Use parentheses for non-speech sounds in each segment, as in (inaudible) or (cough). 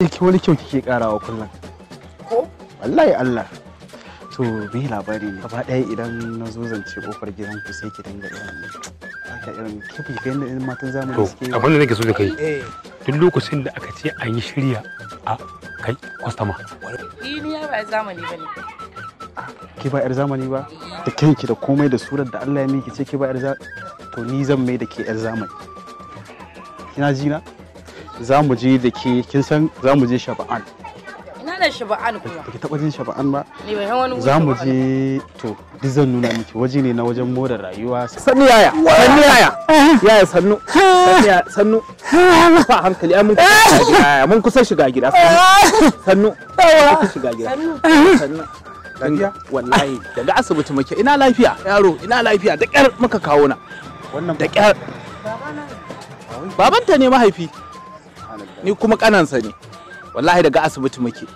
Yake wani kyau kike karawa kullum. Ko? Wallahi Allah. To me labari ne? Gaba ɗaya idan na zo zance kofar gidan ku sai ki dinga irin aka irin kifi ga yadda irin matan zamani suke. To abin da nake so da kai. Eh. Duk lokacin da aka ce an yi shirya a kai kwastama. Ni ya ba zamani bane. Ki ba yar zamani ba? Da kanki da komai da surar da Allah ya miki ce ki ba yar zamani. To ni zan mai da ke yar zamani. Kina ji na? za mu je da ke kin san za mu je shaba'an ina da shaba'an kuma ba ki taba jin shaba'an ba ni bai wani za mu je to dizan nuna miki waje ne na wajen more rayuwa sannu yaya sannu yaya eh. yaya sannu (laughs) sannu ba hankali eh. ku yaya mun kusa shiga gida eh. sannu sannu shiga gida sannu lafiya wallahi daga asibiti muke ina lafiya yaro ina lafiya da kyar muka kawo na wannan da kyar babanta ne mahaifi ni kuma kanansa ne wallahi daga asibiti muke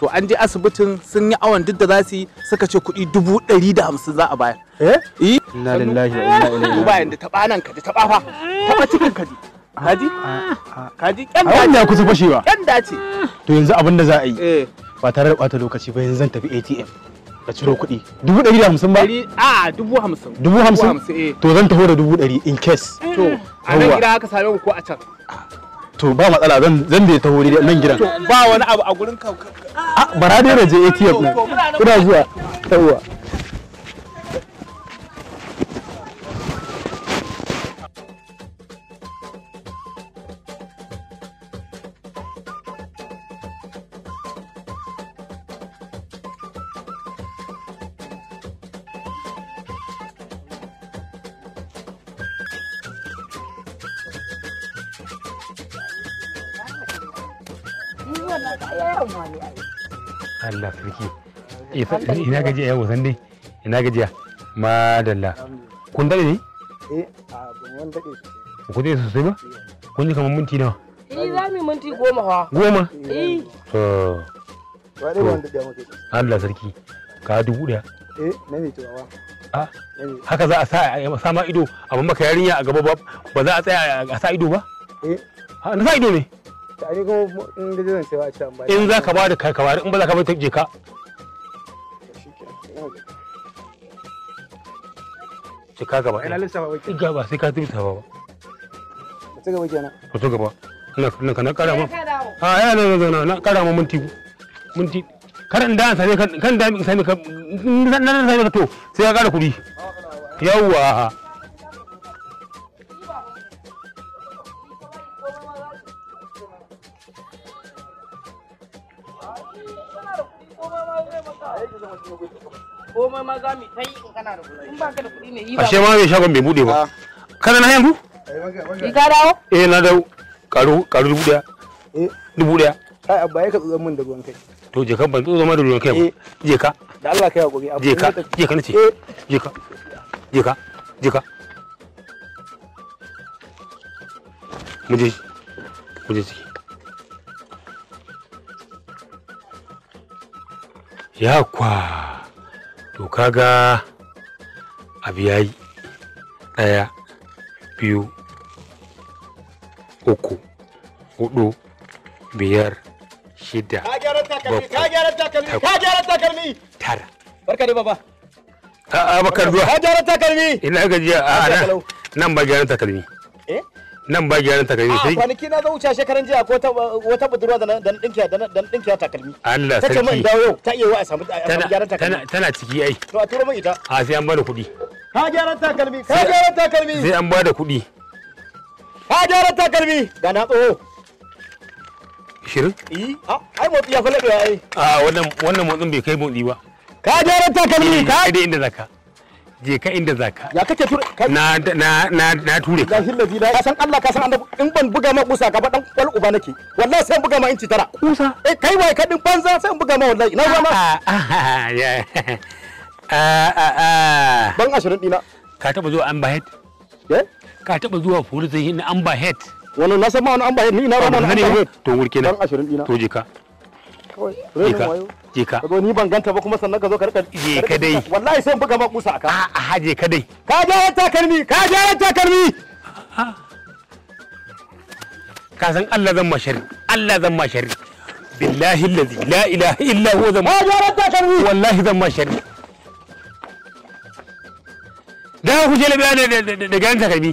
to an je asibitin sun yi awon duk da za su yi suka ce kuɗi dubu ɗari da hamsin za a bayar. Eh? eh? Inna lillahi wa inna ilaihi. Duba yanda taɓa nan kaji taɓa fa taɓa cikin kaji. Kaji? Ah, ah, ah. Kaji ƙyan dace. Wannan kusa fashewa. da ce To yanzu abin da za a yi. Eh. Ba tare da ɓata lokaci ba yanzu zan tafi ATM. Ka ciro kuɗi. Dubu ɗari da hamsin ba? A dubu hamsin. Dubu hamsin? Eh. To zan taho da dubu ɗari in case. To a nan gida aka same ku ko a can? to ba matsala zan zan bai ta hori nan gidan ba wani abu a gurin ka ah, bara dai na je ATM din ina zuwa yawwa Allah sarki eh, eh, ina gajiya yau sande ina gajiya madalla kun dade ne eh a ban dade ku dade sosai ba kun yi kamar minti nawa eh za mu minti goma fa goma eh to wani wanda da muke Allah sarki ka dubu da eh na ne tuwawa ah, haka za a sa a sama ido a maka yarinya a gaba ba za a tsaya a sa ido ba eh ah, na sa ido ne ta ani kuma in da zan sai a ci amma in za ka bada kai ka bada in ba za ka ta je ka ci ka gaba ina lissafa ba ki gaba sai ka tubta ba ba ci gaba kenan ku ci gaba nan na na kara ma ha ya ah, na na na kara ma minti minti kar in da same kan da same ka na sai ka to sai ka kara kuɗi yawwa komai ma za mu ta yi in kana da kuɗi in da kuɗi yi ba ashe ma mai shagon bai bude ba kana na yanzu ki ka dawo eh na dawo karu karu dubu daya eh. dubu daya abba ya ka tsotsan min da ruwan kai to je ka ban tsotsan ma da ruwan kai ba eh. je ka da Allah kai hakuri je ka je ka nace eh. je ka je ka je ka ciki ya kwa to kaga abu ya yi ɗaya biyu uku hudu biyar shida bakwai tara barka dai baba a'a baka duwa ka gyara takalmi ina gajiya a'a nan ba gyara takalmi eh nan ba gyaran takalmi sai kwanaki na zo wuce shekaran jiya ko wata budurwa da dan dinkiya da dan dinkiya takalmi Allah sarki tace min dawo ta iya wa a samu gyaran takalmi tana ciki ai to a turo mun ita a sai an bada kuɗi ka gyaran takalmi ka gyaran takalmi sai an bada kuɗi ka gyaran takalmi ga na tsoho shirin? Eh, ai motsi ya fi laɗewa ai. A wannan wannan motsin bai kai motsi ba. Ka gyaran takalmi ka? Eh, dai inda zaka. je ka inda ka. ya kake ture na na na na ture ka lahi lazi ka san Allah ka san in ban buga ma kusa ka ba dan kwal uba nake wallahi sai buga ma inci tara kusa eh kai wai ka din banza sai buga ma wallahi na zama ya a a a ban ashirin dina ka taba zuwa Amba head eh ka taba zuwa police zai an Amba head wannan na san ma wani an head ni na rama na to wurke na ban ashirin dina to je ka kawai renin wayo je ka zo ni ban ganta ba kuma sannan ka zo ka rika je ka dai wallahi sai buga ma kusa a a je ka dai ka je ka je ka san Allah zan mashari Allah zan mashari billahi allazi la ilaha illa huwa zan ka je wallahi zan mashari da ku je da ganin takalmi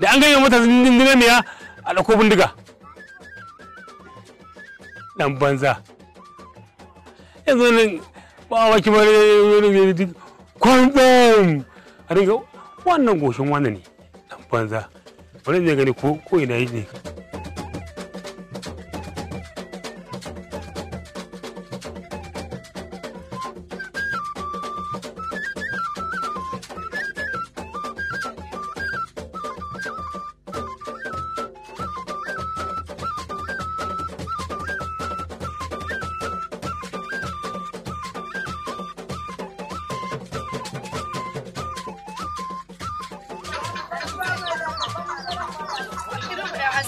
da an ganye mata zindiga miya a ɗauko bindiga dan banza yanzu nan ba a ki wani a wannan goshin wani ne dan banza wani ne gani ko ina yi ne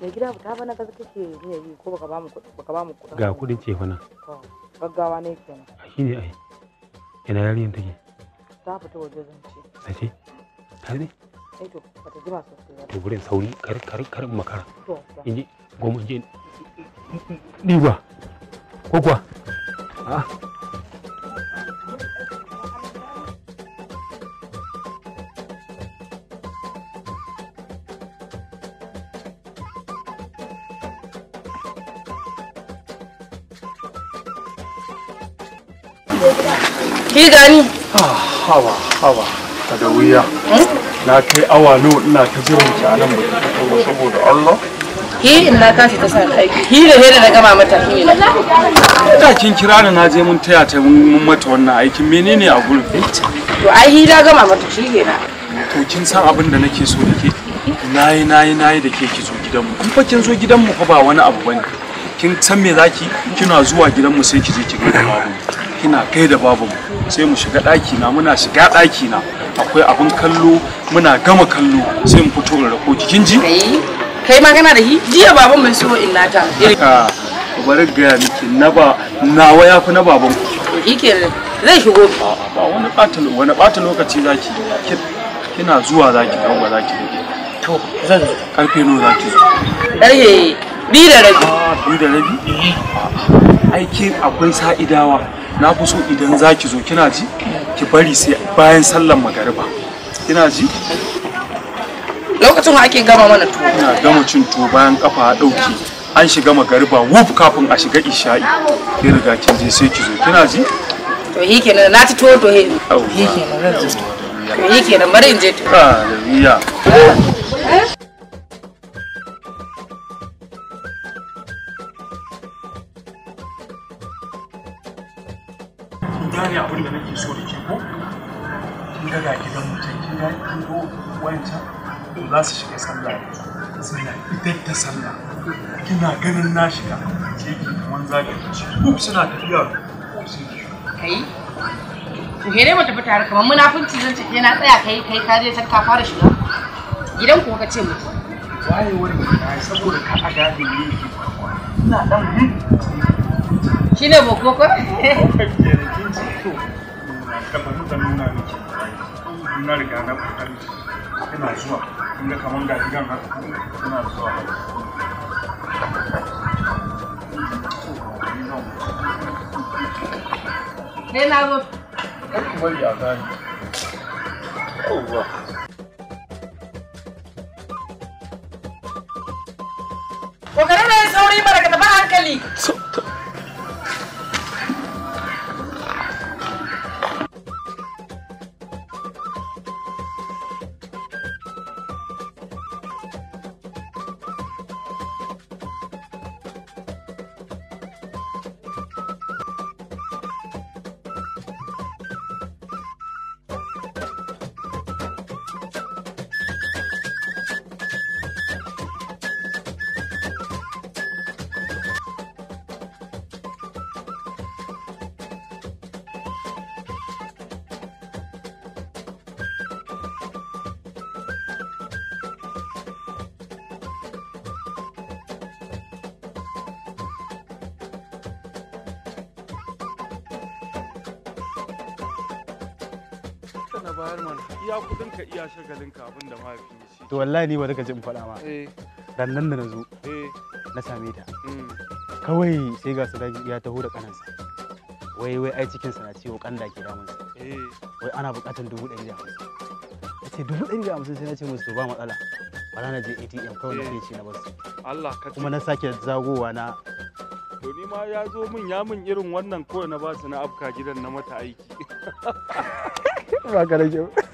mai gida ta bana kaza ce ni yayi ko baka bamu kuɗi baka mu. kuɗi ga kuɗin ce fa nan gaggawa ne kenan shi ne ai ina yarinyar take ta fita waje zance ce ta ne ai to ta jima sosai ba to gurin sauri kar kar kar makara inji goma je ni ba ko kuwa a'a Ki gani? Ah, hawa, hawa, ka wuya. Na kai awa nawa ina ta jiran ki a nan ba ki fito saboda Allah. Ki in na tashi ta sa aiki. Ki da hira na gama mata ki. Da kin kira ni na je mun taya ta mun mata wannan aikin menene a gurin? To ai hira gama mata shi ke kenan. To kin san abin da nake so da ke? Nayi nayi nayi da ke ki zo gidanmu. Kun fa kin zo gidanmu fa ba wani abu bane. Kin san me zaki kina zuwa gidanmu sai ki je ki ga abu. ina da babu sai mu shiga ɗaki na muna shiga ɗaki na akwai abin kallo muna gama kallo sai mu fito da rako jikin ji kai ma kana da hi jiya baban mai so in nata ka bari ga miki na ba nawa yafi na baban ku yake zai shigo ba wani bata wani bata lokaci zaki kina zuwa zaki ga ba zaki to zan karfe no zaki karfe bi da rabi bi da rabi eh. aiki akwai sa'idawa na fi so idan za ki zo kina ji ki bari sai bayan sallan magariba kina ji lokacin ake gama mana tuwo ina gama cin tuwo bayan kafa dauke an shiga magariba wuf kafin a shiga isha'i ki riga kin je sai ki zo kina ji to yi kenan na ci tuwo to he yi kenan to yi kenan bari in je tuwo ah ya kun gane abin da nake so da ke ko kin ga gidan mutum kin ga kin go wancan to za su shiga sallah sallah idan ta sallah kina ganin na shiga sai ki kaman zagin ku suna tafiya kai to he dai mu tafi tare kamar munafunci zan ce yana tsaya kai kai ka je can ka fara shiga gidan ku ka ce mu wayewar da saboda ka a gadin ne ina dan ne boko ko (laughs) so ka fahimta nuna miki na riga na fahimta ina zuwa kun ga ga gidan haka ina zuwa Ne na zo. Kar bari a gani. Yawwa. da ya sauri barka da ba hankali. bayar iya kudin ka iya shagalin ka abin da mahaifin to wallahi ni ba ji in faɗa ma eh. dan nan da nazo eh. na same ta mm. kawai sai ga sadaki ya taho da kanansa wai wai ai cikin sa na ciwo kanda ke damun sa eh. wai ana buƙatar dubu ɗari da hamsin ce dubu ɗari da hamsin sai na ce musu ba matsala bara na je ATM kawai na ke ce na basu Allah ka kuma na sake zagowa na to ni ma ya zo min ya min irin wannan kawai na basu na afka gidan na mata aiki (laughs) Va, caray, yo.